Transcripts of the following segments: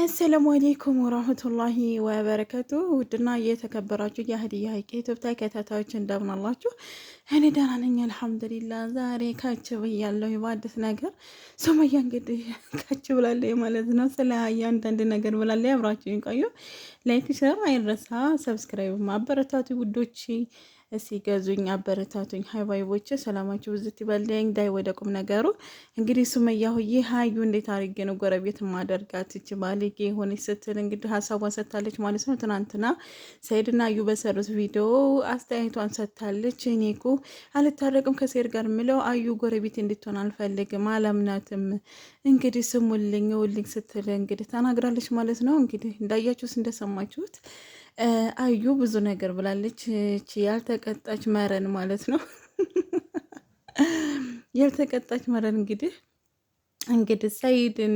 አሰላሙ አሌይኩም ወራህመቱላሂ ወበረከቱ። ውድና እየተከበራችሁ የህድያ ሀይቅ ኢትዮጵያ ተከታታዮች እንደምን አላችሁ? እኔ ደህና ነኝ አልሐምዱሊላ። ዛሬ ካች ብያለሁ በአዲስ ነገር። ሱመያ እንግዲህ ካች ብላለች ማለት ነው። ስለ እያንዳንድ ነገር ብላለች። አብራችሁን ቆዩ። ላይክ ሸር አይረሳ፣ ሰብስክራይብ ማበረታቱ ውዶች ሲገዙኝ አበረታቱኝ። ሀይባይቦች ሰላማችሁ ብዝት ይበልኝ። ዳይ ወደ ቁም ነገሩ እንግዲህ ሱመያ ሆዬ ሀዩ እንዴት አድርጌ ነው ጎረቤት ማደርጋት ባለጌ የሆነች ስትል እንግዲህ ሀሳቧን ሰጥታለች ማለት ነው። ትናንትና ሰይድና ሀዩ በሰሩት ቪዲዮ አስተያየቷን ሰጥታለች። እኔ እኮ አልታረቅም ከሴር ጋር የምለው አዩ ጎረቤት እንድትሆን አልፈልግም አላምናትም። እንግዲህ ስሙልኝ ውልኝ ስትል እንግዲህ ተናግራለች ማለት ነው። እንግዲህ እንዳያችሁት እንደሰማችሁት አዩ ብዙ ነገር ብላለች። ች ያልተቀጣች መረን ማለት ነው። ያልተቀጣች መረን እንግዲህ እንግዲህ ሰይድን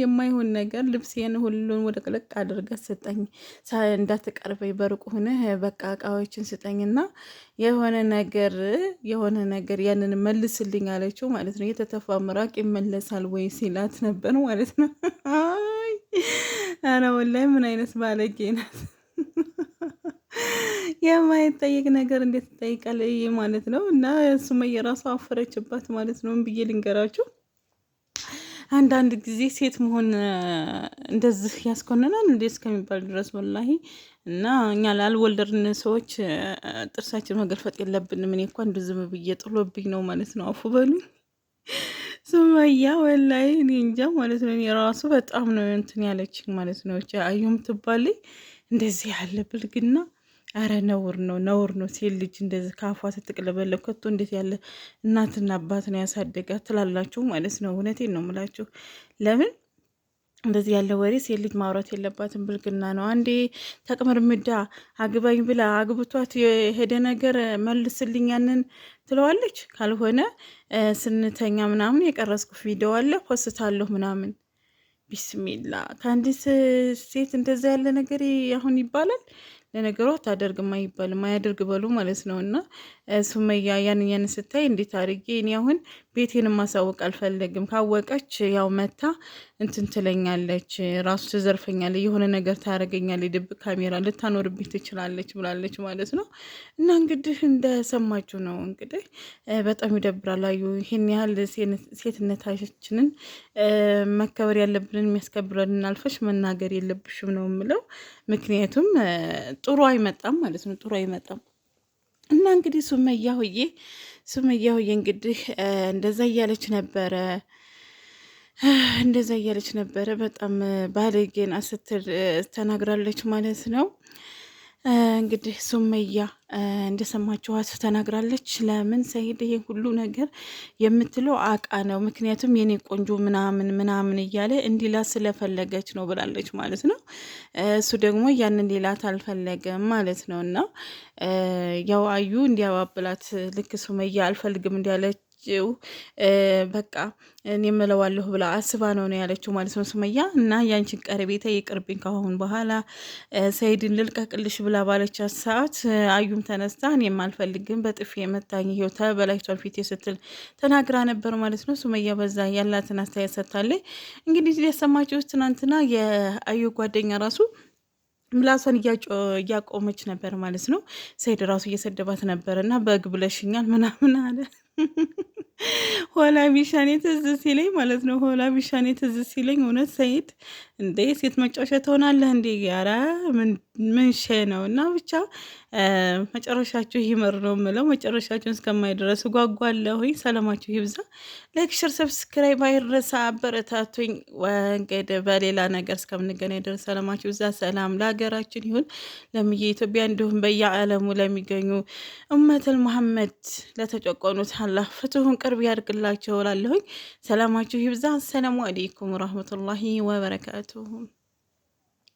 የማይሆን ነገር ልብሴን ሁሉን ወደ ቅልቅ አድርጋ ስጠኝ፣ እንዳትቀርበኝ፣ በሩቅ ሆነ በቃ እቃዎችን ስጠኝና የሆነ ነገር የሆነ ነገር ያንን መልስልኝ አለችው ማለት ነው። የተተፋ ምራቅ ይመለሳል ወይ ሲላት ነበር ማለት ነው። አረ ወላሂ ምን አይነት ባለጌ ናት! የማይጠይቅ ነገር እንዴት ትጠይቃለ ማለት ነው። እና እሱማ የራሷ አፈረችባት ማለት ነው ብዬ ልንገራችሁ። አንዳንድ ጊዜ ሴት መሆን እንደዚህ ያስኮንናል እንዴ እስከሚባል ድረስ ወላሂ። እና እኛ ላልወለድን ሰዎች ጥርሳችን መገልፈጥ የለብንም። እኔ እኳ እንዱ ዝም ብዬ ጥሎብኝ ነው ማለት ነው። አፉ በሉኝ ሱመያ ወላሂ እኔ እንጃ ማለት ነው። እኔ ራሱ በጣም ነው እንትን ያለችኝ ማለት ነው። አዩም ትባልኝ እንደዚህ ያለ ብልግና አረ ነውር ነው ነውር ነው። ሴት ልጅ እንደዚህ ከአፏ ስትቅለበለ ከቶ እንዴት ያለ እናትና አባት ነው ያሳደጋት ትላላችሁ ማለት ነው። እውነቴን ነው ምላችሁ። ለምን እንደዚህ ያለ ወሬ ሴት ልጅ ማውራት የለባትም። ብልግና ነው። አንዴ ተቅምርምዳ አግባኝ ብላ አግብቷት የሄደ ነገር መልስልኝ ያንን ትለዋለች። ካልሆነ ስንተኛ ምናምን የቀረስኩ ቪዲዮ አለ ፖስታለሁ ምናምን ቢስሚላ ከአንዲት ሴት እንደዛ ያለ ነገር አሁን ይባላል? ለነገሩ አታደርግም አይባልም አያደርግ በሉ ማለት ነው። እና ሱመያ ያንን ያንን ስታይ እንዴት አድርጌ እኔ አሁን ቤቴን ማሳወቅ አልፈለግም። ካወቀች ያው መታ እንትን ትለኛለች፣ ራሱ ትዘርፈኛለች፣ የሆነ ነገር ታደርገኛለች፣ ድብቅ ካሜራ ልታኖርብኝ ትችላለች ብላለች ማለት ነው። እና እንግዲህ እንደሰማችሁ ነው። እንግዲህ በጣም ይደብራል። አዩ ይህን ያህል ሴትነታችንን መከበር ያለብንን የሚያስከብረንን አልፈሽ መናገር የለብሽም ነው የምለው ምክንያቱም ጥሩ አይመጣም ማለት ነው። ጥሩ አይመጣም እና እንግዲህ ሱመያ ሆዬ ሱመያ ሆዬ እንግዲህ እንደዛ እያለች ነበረ እንደዛ እያለች ነበረ። በጣም ባለጌን አስትል ተናግራለች ማለት ነው። እንግዲህ ሱመያ እንደሰማችኋት ተናግራለች። ለምን ሰኢድ ይሄ ሁሉ ነገር የምትለው አቃ ነው፣ ምክንያቱም የኔ ቆንጆ ምናምን ምናምን እያለ እንዲላ ስለፈለገች ነው ብላለች ማለት ነው። እሱ ደግሞ ያንን ሌላት አልፈለገም ማለት ነው። እና ያው አዩ እንዲያባብላት ልክ ሱመያ አልፈልግም እንዲያለች ልጅው በቃ እኔ እምለዋለሁ ብላ አስባ ነው ነው ያለችው ማለት ነው ሱመያ። እና ያንቺን ቀረቤታ ይቅርብኝ ከአሁን በኋላ ሰይድን ልልቀቅልሽ ብላ ባለቻት ሰዓት አዩም ተነስታ እኔም አልፈልግም በጥፊ የመታኝ ይኸው ተበላሽቷል ፊቴ ስትል ተናግራ ነበር ማለት ነው ሱመያ። በዛ ያላትን አስተያየት ሰጥታለች። እንግዲህ ያሰማችሁት ትናንትና የአዩ ጓደኛ ራሱ ምላሷን እያቆመች ነበር ማለት ነው። ሰይድ ራሱ እየሰደባት ነበር እና በግ ብለሽኛል ምናምን አለ። ኋላ ቢሻኔ ትዝ ሲለኝ ማለት ነው። ኋላ ቢሻኔ ትዝ ሲለኝ እውነት ሰይድ እንዴ ሴት መጫወቻ ትሆናለህ እንዴ? ኧረ ምንሸ ነው እና ብቻ መጨረሻችሁ ይመር ነው የምለው። መጨረሻችሁን እስከማይደረስ ጓጓለሁኝ። ሰላማችሁ ይብዛ። ላይክ፣ ሸር፣ ሰብስክራይብ አይረሳ። አበረታቱኝ። እንግዲህ በሌላ ነገር እስከምንገናኝ ድረስ ሰላማችሁ ይብዛ። ሰላም ለሀገራችን ይሁን፣ ለምየ ኢትዮጵያ፣ እንዲሁም በየዓለሙ ለሚገኙ እመተል መሐመድ ለተጨቆኑት አላህ ፍትሁን በቅርብ ያድርግላቸው እላለሁኝ። ሰላማችሁ ይብዛ። አሰላሙ አሌይኩም ወራህመቱላሂ ወበረካቱሁ